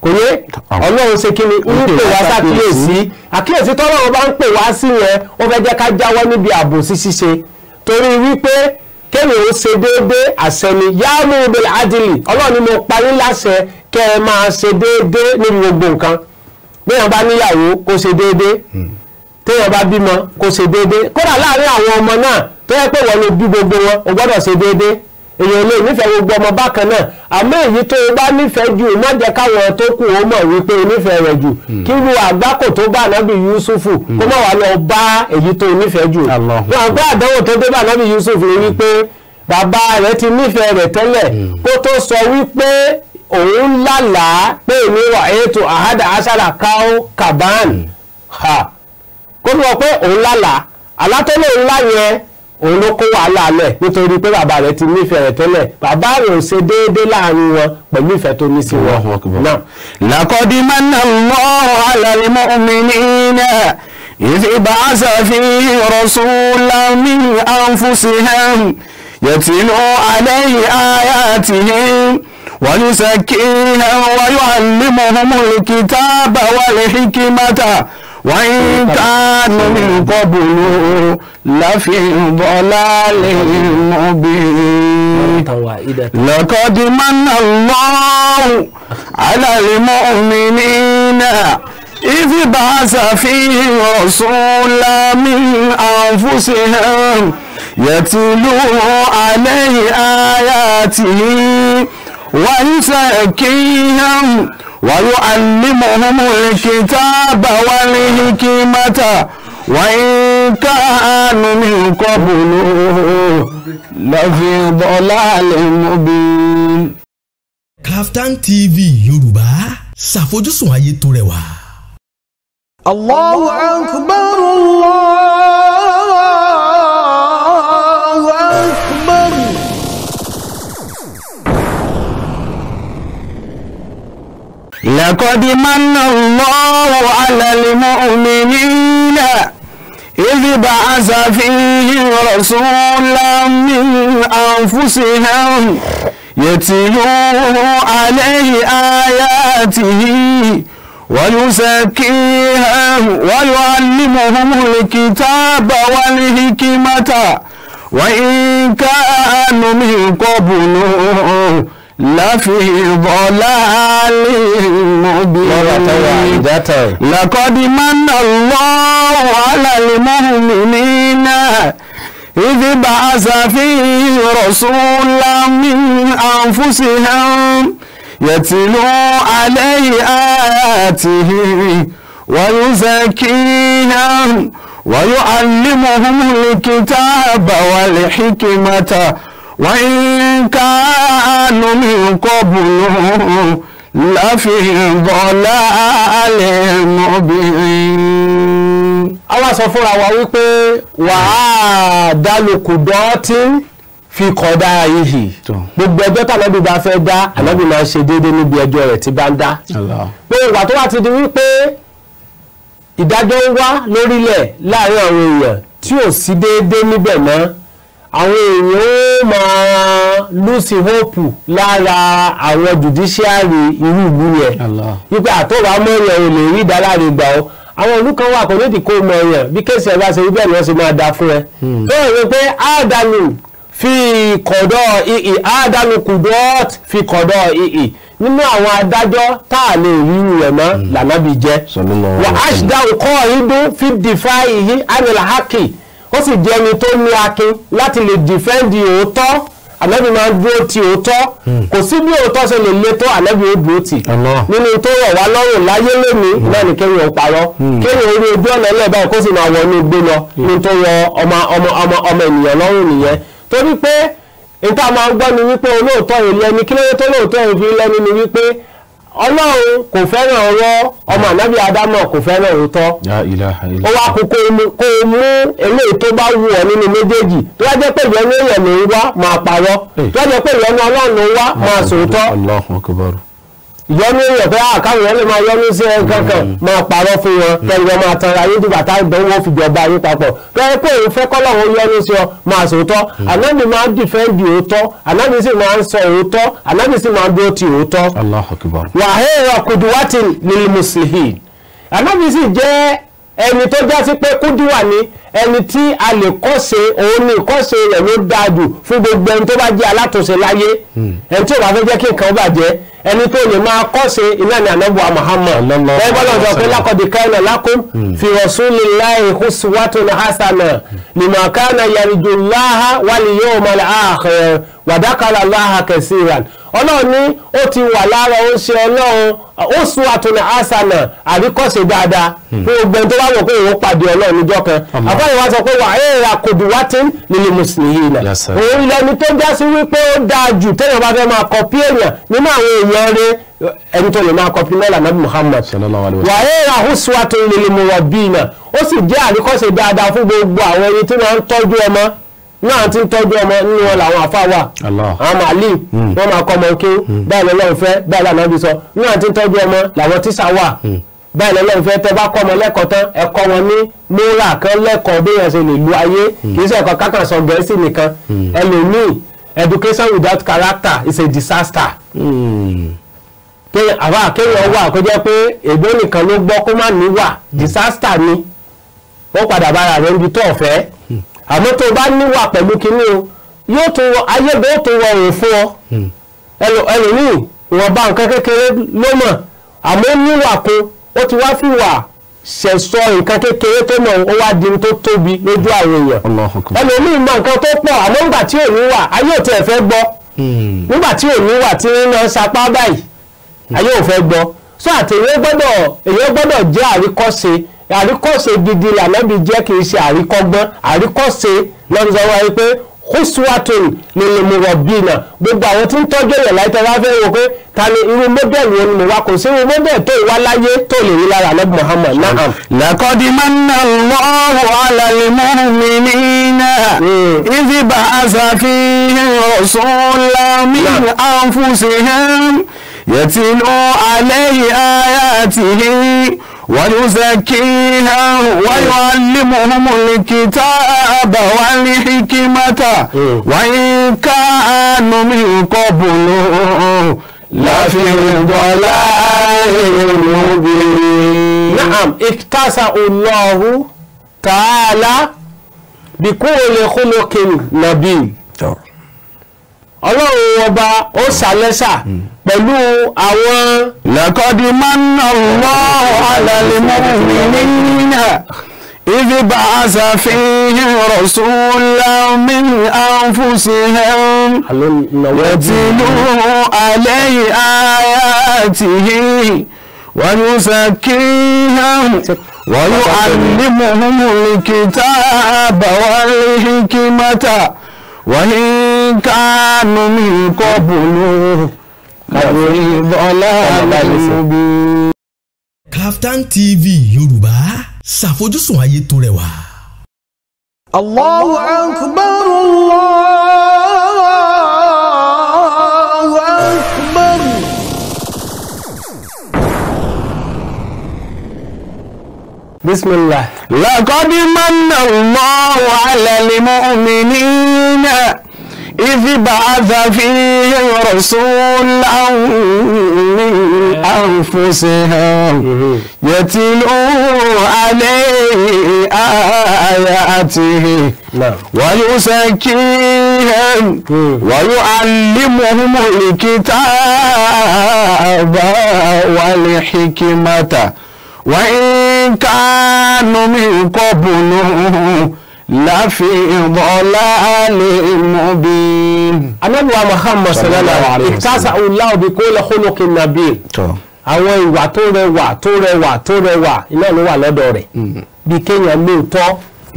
kò yé ah. ọlọ́run ṣe kí ni ń pè wá sàkíyèsí àkíyèsí tọ́lọ́run bá ń pè wá sí yẹn ó fẹ́ jẹ́ ká jáwọ́ níbi àbòsí ṣíṣe torí wípé kéèyàn ṣe déédéé àṣẹ ni yáàmú ibèlè adìlì ọlọ́run ni mo parí láṣẹ kẹ́ ẹ máa ṣe déédéé níbi gbogbo nǹkan béèyàn bá níyàwó kó ṣe déédéé hmm. téèyàn bá bímọ kó ṣe déédéé kódà láàárín àwọn ọmọ náà tó yẹ pé wọ́n ló bí gbogbo wọn ò gbọ́dọ̀ ṣe déédéé èèyàn lè nífẹ̀ẹ́ gbogbo ọmọ bákan náà àmọ́ èyí tó o bá nífẹ̀ẹ́ jù má jẹ́ káwọn tó kù ó mọ̀ wípé o nífẹ̀ẹ́ rẹ̀ jù hmm. kí irú àgbákò tó bá ànábì Yusufu kó hmm. má wàá lọ bá èyí tó o nífẹ̀ẹ́ jù wọn àgbà àdánwò tó dé bá ànábì Yusufu ni wípé bàbá rẹ̀ ti nífẹ̀ẹ́ rẹ̀ tẹ́lẹ̀ hmm. kó tó sọ wípé òun lálàá pé èmi wà ètò àhádà aṣára káó kàbáàn kó tó sọ pé òun lálàá àlá tó lóun òun ló kó wàhálà lẹ̀ nítorí pé bàbá rẹ̀ ti nífẹ̀ẹ́ rẹ̀ tẹ́lẹ̀ bàbá rẹ̀ ò ṣe déédé láàrin wọn pẹ̀lú ìfẹ́ tó ní sí wọn. laqad manna Allahu 'ala al-mu'minina idh ba'atha fihim rasulan min anfusihim yatlu 'alayhim ayatihim wa yuzakkihim wa yu'allimuhumul kitaba wal hikmata. وإن كانوا من قبل لفي ضلال مبين لقد من الله على المؤمنين إذ بعث فيه رسولا من أنفسهم يتلو عليه آياته ويزكيهم ويعلمهم الكتاب والحكمة وإن كانوا من قبل لفي ضلال مبين. Kaftan TV Yorùbá ṣàfojúsùn ayé tó rẹwà. Allahu akbar Allah. لقد من الله على المؤمنين إذ بعث فيهم رسولا من أنفسهم يتلو عليه آياته ويزكيهم ويعلمهم الكتاب والحكمة وإن كانوا من قبله لفي ضلال مبين يعني، لقد من الله على المؤمنين إذ بعث فيه رسولا من أنفسهم يتلو عليه آياته ويزكيهم ويعلمهم الكتاب والحكمة وإن كانوا من قبل láfi bọ́lá alẹ́ mọ́bìnrin. àwa sọ fúnra wa wípé wàá dálòkù dọ́ọ́tí fi kọ̀dá ìhì gbogbo ẹjọ́ tàlọ́bì bá fẹ́ dá àlọ́bì máa ṣe déédéé níbi ẹjọ́ rẹ̀ tí bá ń dá. pé ìgbà tó wà ti di wípé ìdájọ́ ń wá lórílẹ̀ láàrin àwọn èèyàn tí ò sí déédéé níbẹ̀ náà àwọn èèyàn ó máa lùsì hope lára àwọn judiciary irú ìlú yẹn wípé àtọ́wà mọ́yàn ò lè rí ìdáláre gbà ọ́ àwọn ìlú kan wà kò nídìí kó mọ̀ọ́yàn bí kéèsì ẹ̀ bá ṣe wípé ẹ̀yàn ṣe máa da fún ẹ. bẹ́ẹ̀ hmm. ni pé áàdánù fi kọ̀dọ̀ ìhì áàdánù kùdọ́ọ̀t fi kọ̀dọ̀ ìhì nínú àwọn adájọ́ tá a lè rí ìyẹn mọ́ hmm. lànà bí jẹ́ wà á ṣì dáhùn kọ́ ìdún fi dìfà ìhí àmì làákì ó sì jẹ́ ẹni tó ní akin láti lè dìfẹ́ǹdì òótọ́ ànábì máa ń dúró ti òótọ́ hmm. kò sí bí òótọ́ ṣe lè le tó ànábì ó dúró tì nínú tó rọ̀ wá lọ́rùn láyé lónìí hmm. náà ni kéèyàn parọ́ hmm. kéèyàn orí ojú ọ̀nà ẹlẹ́bàá kó sì máa wọ inú gbé lọ ní tó rọ ọmọ ọmọ ọmọ ọmọ ènìyàn lọ́rùn nìyẹn torí pé nta máa ń gbọ́ ni wípé olóòótọ́ yìí lẹ́ni kí lóye tó lóòótọ́ yìí fi lẹ́ni ni wípé ọlọ́run kò fẹ́ràn ọwọ́ ọmọ ànábì ádámọ̀ kò fẹ́ràn òótọ́ ó wá kó kó o mú eléyìí tó bá wù ọ́ nínú méjèèjì tó wá jẹ́ pé ìyẹn ní èèyàn ló ń wá máa parọ́ tó wá jẹ́ pé ìyẹn ní ọlọ́run ló ń wá máa sòótọ́ ìyọnu èèyàn pé àkáwọn ah, èèyàn lè máa yọnu sí ẹ kankan mm. máa parọ́ fún wọn mm. kẹrìndínlẹ́ máa tan ayé dìgbà tá ìdánwò fìjọba yín papọ̀ lọ́wọ́ pé òun fẹ́ kọ́lọ́wọ́ yọnu sí ọ máa sòótọ́ mm. ànábì máa ń dìfẹ́ǹdì òótọ́ ànábì sì máa ń sọ òótọ́ ànábì sì máa ń dúró ti òótọ́. wàhálà kùdùwàtì ni mùsùlùmí ànábì sì jẹ́ ẹni tó já sí pé kúdíwà ni ẹni tí a lè kọ́ṣe òun ni ìkọ́ṣe rẹ̀ ló dáa jù fún gbogbo ẹni tó bá jẹ́ alátùnṣe láyé ẹni tí ò bá fẹ́ jẹ́ kí nǹkan bàjẹ́ ẹni tó lè máa kọ́ṣe iná ní ànábì Muhammad wọ́n bọ́lá ọ̀dọ̀ pé lákọ̀dì kana lakum fi rasulillahi uswatun hasana liman kana yarjullaha wal yawmal akhir wàdákàlà láha kẹsìràn ọlọ́run ní ó ti wà lára ó ṣe ọlọ́run ó sún àtúnà àṣànà àríkọ́ṣe dáadáa hmm. fún ogbẹ́ tó bá wọ̀ pé òun pàdé ọlọ́run níjọ́ kan àbáyé wa sọ pé wà á ra kòdù wá tí nílé mùsùlùmí náà òun lẹni tó já sí wípé ó dáa jù téèyàn bá fẹ́ máa kọpí èèyàn nínú àwọn èèyàn rẹ̀ ẹni tó lè máa kọpí mẹ́là nàbí Muhammad wà á ra húṣùwà tó nílé mùwà bíi náà ó sì jẹ́ àríkọ́ṣe dáadáa fún gbogbo àwọn ẹni tí wọ́n ń tọ́jú ọmọ náà ti ń tọ́jú ọmọ nínú wọn làwọn àfa wà àwọn màálì hmm. wọn máa kọ́ ọmọ kí hmm. báyìí lọ́lọ́run fẹ́ báyìí lànà bí sọ náà ti ń tọ́jú ọmọ làwọn tíṣà wà hmm. báyìí lọ́lọ́run fẹ́ tẹ́ bá kọ́ ọmọ lẹ́kọ̀ọ́ tán ẹ̀kọ́ wọn ní múra kan lẹ́kọ̀ọ́ bí wọ́n ṣe lè lu ayé kì í ṣe ẹ̀kọ́ kákan sọ gẹ̀ẹ́sì nìkan ẹlòmíì education without character is a disaster. Mm àbá kéèyàn wà kó jẹ́ pé ègbó nìkan ló gbọ́ kó má ní wà disaster ni ó padà bára rẹ̀ níbi tó ọ̀fẹ́ àmọ́ tó o bá níwà pẹ̀lú kinní o yóò tó ayégbé tó rọrùn fún ọ hmm. ẹlòmíì ìwọ̀nba nǹkan kékeré ló mọ̀ àmọ́ níwà kun ó ti wá fìwà ṣẹ̀sọ nǹkan kékeré tó mọ̀ ó wá di tó tóbi lójú àwọn èèyàn ẹlòmíì mọ̀ nǹkan tó pọ̀ àmọ́ nígbà tí òun wà ayé ò tiẹ̀ fẹ́ gbọ́ hmm. nígbà tí òun wà tí ń lọ sapá báyìí hmm. ayé ò fẹ́ gbọ́ so àti èèyàn gbọ́dọ̀ èèyàn gbọ́dọ̀ jẹ́ àríkọ́ṣe àríkọ́ṣe gidi lànàbí jẹ́ kì í ṣe àríkọ́gbọ́n àríkọ́ṣe lọ́dún sọ wáyé pé húṣùwàtún ni mo rọ̀ bí nà gbogbo àwọn tí ń tọ́jú èèyàn láì tẹ́ wá fẹ́ wo pé ta ni irú mọ́bẹ̀lì wo ni mo wá kò sí irú mọ́bẹ̀lì tó wá láyé tó lè rí lára ànábì Muhammad náà. laqad manna Allahu 'ala al-mu'minina hmm. idh ba'atha fihim rasulan min anfusihim yatlu 'alayhi ayatihi. ويزكيها ويعلمهم الكتاب والحكمة وإن كانوا من قبل لفي ضلال مبين نعم اكتسى الله تعالى بكل خلق نبي الله وبا ó pẹ̀lú àwọn. lẹ́kọ̀dí máa ń nà lọ́ àlàlẹ́ mọ́mìnira ìdí bá a ṣàfihàn rọ̀ṣúlá mi àǹfùsìhàn wẹ̀tìlú alẹ́ yìí ayátìhì wọ́n yóò ṣàkíyàn. ويعلمهم الكتاب والحكمة وإن كانوا من قبل kàwé Kaftan TV Yorùbá ṣàfojúsùn ayé tó rẹwà. Allahu akbar Allahu akbar. بسم الله لقد من الله على المؤمنين إذ بعث فيهم رسولا من أنفسهم يتلو عليه آياته ويزكيهم ويعلمهم الكتاب والحكمة وإن كانوا من قبله láfi ìbọ̀lá alẹ́ ìmọ̀bí. anábìwá muhammad sallallahu alayhi wa sallam ìtàsà ọ̀làwọ̀ bí kò lè kólókè nàbí. àwọn ìwà tó rẹwà tó rẹwà tó rẹwà iná ló wà lọ́dọ̀ rẹ̀ mm. bí kéèyàn lóòótọ́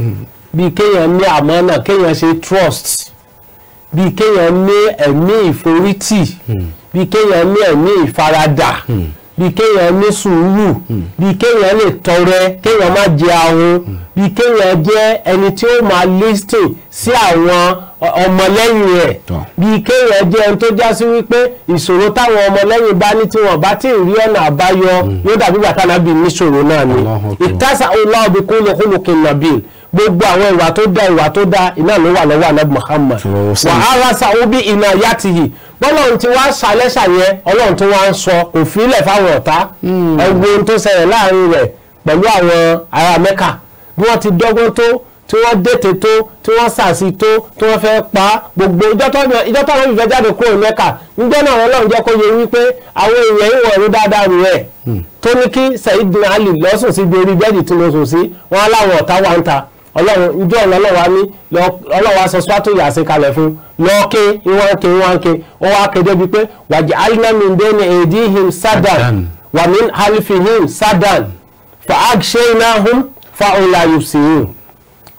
mm. bí kéèyàn ní àmọ́nà kéèyàn ṣe trust bí kéèyàn ní ẹ̀mí ìforítì mm. bí kéèyàn ní ẹ̀mí ìfaradà. Mm bí kéèyàn ní sùúrù bí kéèyàn lè tọrẹ kéèyàn má jẹ ahun bí kéèyàn jẹ ẹni tí ó máa listen sí àwọn ọmọlẹ́yìn rẹ̀ bí kéèyàn jẹ ẹni tó já sí wípé ìṣòro táwọn ọmọlẹ́yìn bá ní tí wọ́n bá tí ì rí ọ̀nà àbáyọ hmm. yóò dàbí bàtà nàbì níṣòro náà ni ìtàsà ọlọ́ọ̀bì kúlùkúlùkì nàbì gbogbo àwọn ìwà tó dá ìwà tó dá iná ló wà lọ́wọ́ ànábì Muhammad wàhálà sàwọ́ bí iná yá bọ́lọ́run ti wá ṣàlẹ́ṣà yẹn ọlọ́run tó wá ń sọ kò fílẹ̀ fáwọn ọ̀tá hmm. ẹgbẹ́ ohun tó ṣẹlẹ̀ láàrin rẹ̀ pẹ̀lú àwọn ará mẹ́kà bí wọ́n ti dọ́gbọ́n tó tí wọ́n dètè tó tí wọ́n sàṣì tó tí wọ́n fẹ́ pa gbogbo ìjọ táwọn ìfẹ́ jáde kúrò mẹ́kà nígbẹ́ náà wọn náà jẹ́ kó yẹ wípé àwọn èèyàn ìwọ̀n ẹ̀rú dáadáa rù ẹ̀ hmm. tó ní kí Sayyidina Ali lọ́sùn sí ibi orí bẹ́ẹ̀dì tí mo sùn sí wọn aláwọ̀ ọ̀tá wa ń ta ọlọ́run ìjọ ọ̀nà ọlọ́wà ní ọlọ́wà sọ swatò yàsìn kalẹ̀ fún lọ́ọ̀kẹ́ ìwọ̀n ke ìwọ̀n ke ó wá kéde bíi pé wàjẹ́ alinaminde ni èdè him sadan wàmín halifihim sadan fa agṣe iná hum fa olayusihim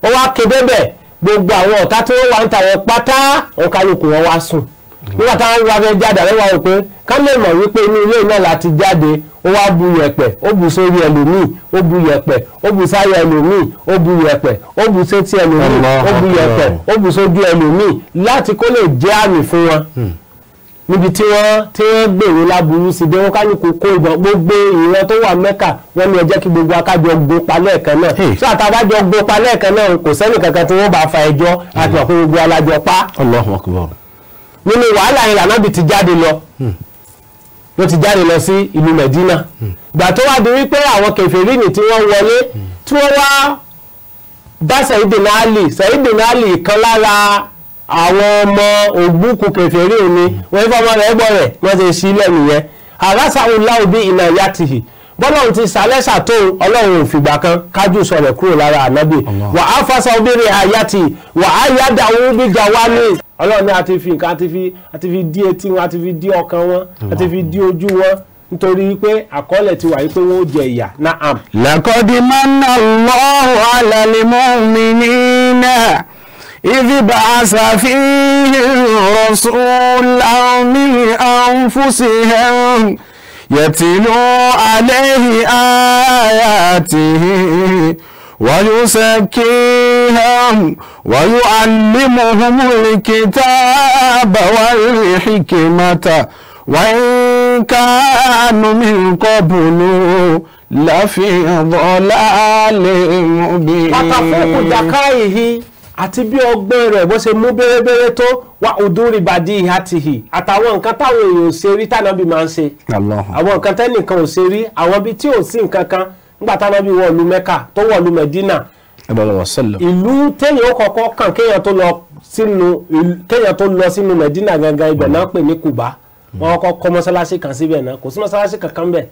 ó wá kéde bẹ́ẹ̀ gbogbo àwọn ọ̀tá tí wọ́n wà ń tàwọn pátá ọ̀kálùkù wọn wá sùn nígbà táwọn wá fẹ́ jáde àrẹ́wà rò pé ká lè mọ̀ wípé inú ilé náà láti jáde ó wá bu yẹ̀pẹ̀ ó bu sórí ẹlòmíì ó bu yẹ̀pẹ̀ ó bu sáyà ẹlòmíì ó bu yẹ̀pẹ̀ ó bu sétí ẹlòmíì ó bu yẹ̀pẹ̀ ó bu sójú ẹlòmíì láti kó lè jẹ́ àmì fún wọn hmm. níbi tí wọ́n tí wọ́n gbèrò láburú sí dé wọ́n kálukú kó ìbọn gbogbo ìran tó wà mẹ́kà wọ́n ní ẹ jẹ́ kí gbogbo akájọ gbó palẹ̀ kan náà tí hmm. àtàwájọ gbó palẹ̀ kan náà kò sẹ́nì kankan tí wọ́n bá fa ẹjọ́ àti ọ̀pọ̀ gbogbo alájọ pa. Allahu Akbar nínú wàhálà yẹn lànàbì ti jáde lọ ló hmm. ti jáde lọ sí ìlú Medina hmm. gbà tó wá di wípé àwọn kèfèrí ni tí wọ́n wọlé hmm. tí wọ́n wá bá Sayyidina Ali Sayyidina Ali kan lára àwọn ọmọ ògbúkú kèfèrí ni wọ́n fọ́ ọmọ rẹ̀ gbọ́ rẹ̀ wọ́n ti ṣí ilẹ̀ nìyẹn àrásàwọn láòbí ìnà ìyá tìhì bọ́lọ́run ti sàlẹ́sà tó ọlọ́run ò fìgbà kan kájú sọ̀rọ̀ kúrò lára ànábì wà á fásá obìnrin àyàtì wà á yádà òun bí gàwá ní. ọlọ́run a ti fi nǹkan a ti fi wọn a ti fi dí ọkàn wọn a ti fi dí ojú wọn nítorí pé àkọọ́lẹ̀ ti wà yí wọ́n ó jẹ ìyà naam. lẹ́kọ̀dí mọ́nà lọ́wọ́ alálẹ́mọ́ mi ní náà ìfibà àṣàfihàn rọ̀ṣúlá mi àǹfùsìhàn yẹtìlú àlẹ́yìn àyàtì wọ́n yóò ṣe kí ويعلمهم الكتاب والحكمة وإن كانوا من قبل لفي ضلال مبين pàtàkùn jàkáìhì àti bí ọgbẹ́ rẹ̀ bó ṣe mú tó wà ọdúnrún ìbàdí àtàwọn nǹkan táwọn èèyàn ò ṣe rí tànàbí máa ń ṣe àwọn nǹkan tẹ́nìkan ò ṣe rí àwọn ibi tí ò sí nǹkan kan nígbà tànàbí mẹ́kà ìlú téèyàn kọ́kọ́ kàn kéèyàn tó lọ sínú kéèyàn tó lọ sínú Medina gangan ibẹ̀ náà pè ní Kuba wọn kọ́ kọ́ mọ́sálásí kan síbẹ̀ náà kò sí mọ́sálásí kankan bẹ̀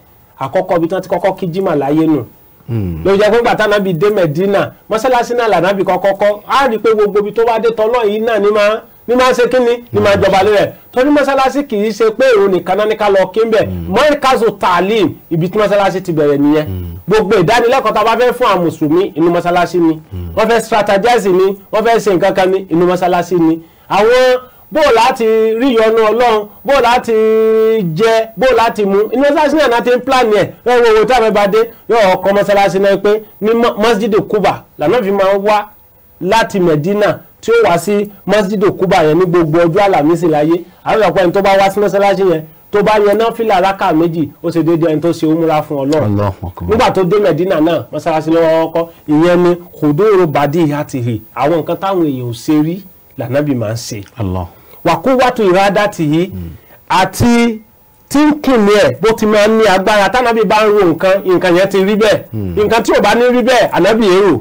àkọ́kọ́ ibi tí wọ́n ti kọ́kọ́ kí jimá láyé nù hmm. lórí jẹ́ pé gbàtà náà bí dé Medina mọ́sálásí náà lànà bí kọ́kọ́ kọ́ á rí i pé gbogbo ibi tó wá dé tọ́lọ́ yìí náà ní máa Ni máa ń ṣe kíni ní máa mm. jọba lérẹ̀ torí mọ́sálásí kì í ṣe pé èrò nìkan náà ní ká lọ kí n bẹ̀ mọ́ríkàzó mm. taalim ibi tí mọ́sálásí ti bẹ̀rẹ̀ nìyẹn mm. gbogbo ìdánilẹ́kọ̀ọ́ tá a bá fẹ́ fún àwọn mùsùlùmí inú mọ́sálásí ni wọ́n fẹ́ strategize ni wọ́n fẹ́ ṣe nǹkan kan ní inú mọ́sálásí ni àwọn bó láti rí ìyọ́nú ọlọ́run bó láti jẹ bó láti mu inú mọ́sálásí náà ti ń pílànì ẹ̀ ẹ wo owó táwọn ẹgbàá dé yóò ọkọ̀ mọ́sálásí náà pé ní mọ́sídìí Kúbà lànà fi máa ń wá láti Mẹ̀dínà tí ó wá sí masjid okuba yẹn ní gbogbo ọjọ́ àlàmísì láyé àwọn ọ̀pọ̀ ẹni tó bá wá sí mọ́sálásí yẹn tó bá yẹn náfìlà rákà méjì ó ṣe déédéé ẹni tó ṣe òmùra fún ọlọ́run nígbà tó dé Medina náà mọ́sálásí lọ́wọ́ ọkọ ìyẹn ni kòdóró bàdí ìhàtìhì àwọn nǹkan táwọn èèyàn ò ṣe rí lànàbì máa ń ṣe wàkúwàtò ìrádá tìhí àti tí ń kìnìún ẹ̀ bó ti máa ń ní agbára tánàbì bá ń ro nǹkan nǹkan yẹn ti rí bẹ́ẹ̀ hmm. nǹkan tí ò bá ní rí bẹ́ẹ̀ ànábì èrò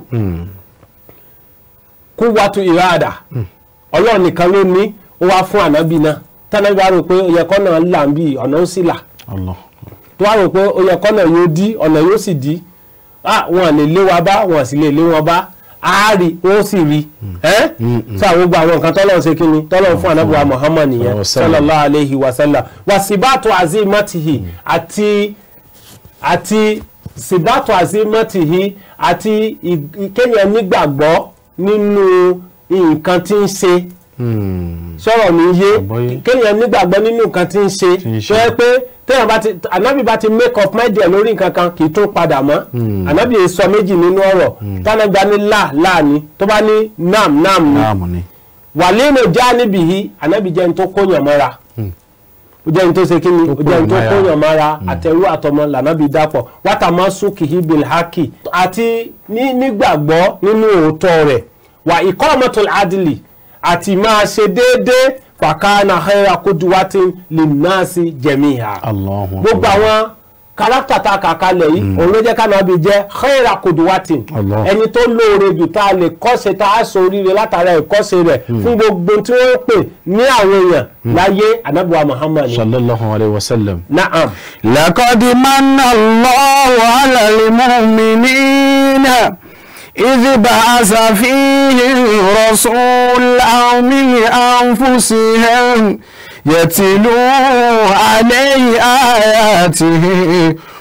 quwwatu irada hmm. ọlọ́run nìkan ló ní ó wá fún ànábì náà tánàbí wá rò pé ó yẹ kọ́nà là ń bì ọ̀nà ó sì là tó wá rò pé ó yóò dí ọ̀nà yóò sì dí wọn lè lé wa bá wọn sì lè lé wọn bá a rí wọn sì rí hmm. hmm, sọ àwọn gbogbo àwọn nǹkan wa Muhammad nìyẹn wa nínú nǹkan tí ń ṣe hmm. sọ̀rọ̀ mi yé kéèyàn nígbàgbọ́ nínú nǹkan tí ń ṣe tó yẹ pé téèyàn bá ti ànábì bá ti make up mind ẹ̀ lórí nǹkan kan kì í tún padà mọ́ hmm. ànábì yẹn sọ méjì nínú ọ̀rọ̀ hmm. tánàgbà ní là là ni tó bá ní nam nam ni wàlíìmọ̀ já níbi yìí ànábì jẹ́ ní tó kóyàn mọ́ra ó jẹ́ ní tó ṣe kí ni ó jẹ́ ní tó kóyàn mọ́ra àtẹrú àtọmọ lànàbì dàpọ̀ wátàmọ́ sùkìhí bilhaki àti nígbàgbọ́ nínú òótọ́ rẹ̀ wà ìkọ́mọ̀tò adìlì àti máa ṣe déédéé fàkànà hẹ́rà kódùwátì lè náà sí jẹ̀míhà. gbogbo àwọn kárátà tá a kà kalẹ̀ yìí hmm. òun ló jẹ́ ká náà bí jẹ́ hẹ́rà kódùwátì ẹni tó lóore jù tá a lè kọ́ṣe tá a sọ oríire látara ìkọ́ṣe rẹ̀ hmm. fún gbogbo tí wọ́n pè ní àwọn èèyàn hmm. láyé anábùwà muhammad. sallallahu alayhi wa sallam. na'am. laqad manna Allahu ala al-mu'minina. إذ بعث فيهم رسولا من أنفسهم يتلو عليه آياته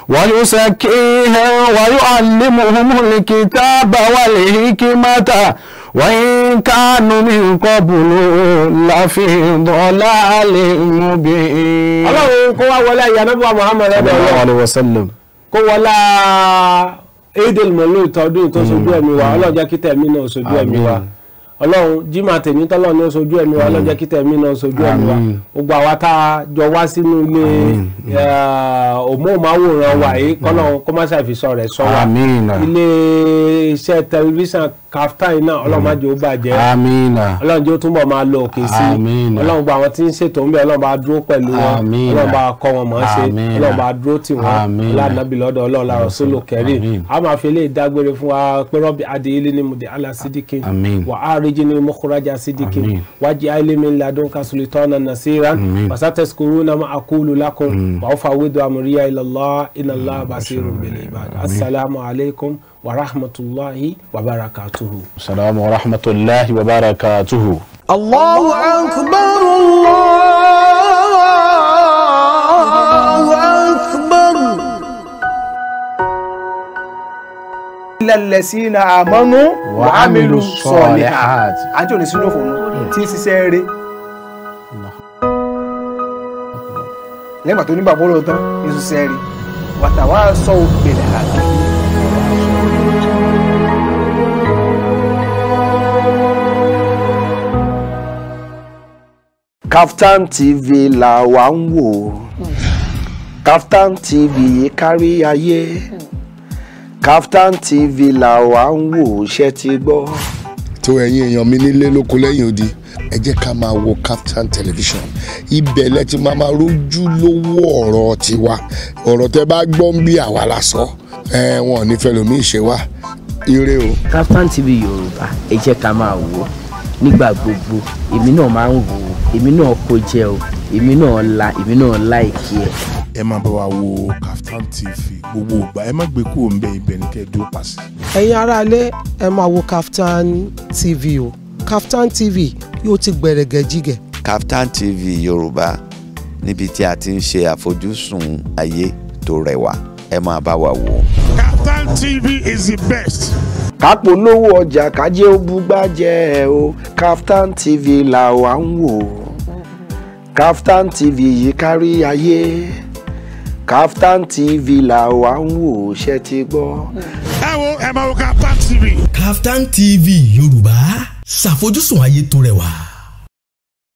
ويزكيهم ويعلمهم الكتاب والحكمة وإن كانوا من قبل لفي ضلال مبين. الله kó wá wọlé ìyá nàbí wa Muhammad sallallahu alaihi wasallam kó wọlé. Eid el Maulud tọdún tó ṣojú mm. ẹ̀mí wa ọlọ́jà kí tẹ̀mí náà ṣojú ẹ̀mí wa ọlọ́run jimá tèmi tọ́lọ́ ní oṣojú ẹ̀mí wa lọ́jọ́ kí tẹ̀mí náà oṣojú ẹ̀mí wa gbogbo àwa tá a jọ wá sínú ilé òmóòmáwòrán wa yìí kọ́lọ́run kó má ṣàfisọ rẹ̀ sọ wa ilé iṣẹ́ tẹlifíṣàn Kaftan náà ọlọ́run má jẹ́ ó bàjẹ́ ọlọ́run jẹ́ ó túbọ̀ máa lọ òkè sí ọlọ́run gba àwọn tí ń ṣètò ńbẹ ọlọ́run bá dúró pẹ̀lú wọn ọlọ́run bá kọ́ wọn mọ̀ ṣe ọlọ́run bá dúró وأخرجني مخرج صدق واجعل من لدنك سلطانا نصيرا وستذكرون ما أقول لكم وأفوض أمري إلى الله إن الله بصير بالعباد السلام عليكم ورحمة الله وبركاته السلام ورحمة الله وبركاته الله أكبر الله lẹ́lẹ́sìnà àmọ́nú wàhámìlú sọ̀ọ̀lì àti òní sínú òfò tí ṣiṣẹ́ rẹ̀. lẹ́gbàá tó ní bàbá tán ní ṣiṣẹ́ rẹ̀ wàtàwá sọ òbèlè àgbẹ̀. Kaftan TV la wa ń wò Kaftan TV kárí ayé. Mm. Kaftan TV la wà ń wò ó ṣe ti gbọ́. tó ẹ̀yin èèyàn mi nílé lóko lẹ́yìn odi ẹ jẹ́ ká máa wo Captain television ibẹ̀ lẹ ti máa máa rójú lówó ọ̀rọ̀ tiwa ọ̀rọ̀ tẹ bá gbọ́ ń bí àwa la sọ ẹ wọn ò ní fẹ́ lómi ìṣe wa ire o. Kaftan TV Yorùbá ẹ jẹ́ ká máa wò ó nígbà gbogbo èmi náà máa ń wò ó èmi náà kó jẹ o èmi náà la èmi náà láìkí ẹ. ẹ máa bá wa wo Kaftan TV gbogbo ìgbà ẹ má gbé kúrò ń bẹ ibẹ̀ ní kẹ́ ẹ dúró pàṣẹ. ẹ̀yin aráalé ẹ máa wo Kaftan TV o Kaftan TV yóò ti gbẹ̀rẹ̀gẹ̀ jígẹ̀. Kaftan TV Yorùbá níbi tí a ti ń ṣe àfojúsùn ayé tó rẹwà ẹ máa bá wa wò. Kaftan TV is the best kápolówó ọjà kájé ó búgbájẹ́ ẹ o Kaftan TV là wà ń wò ó. Kaftan TV yìí kárí ayé Kaftan TV là wà ń wò ṣe ti gbọ́. ẹ wo ẹ máa wo Kaftan TV. Kaftan TV Yorùbá ṣàfojúsùn ayé tó rẹwà.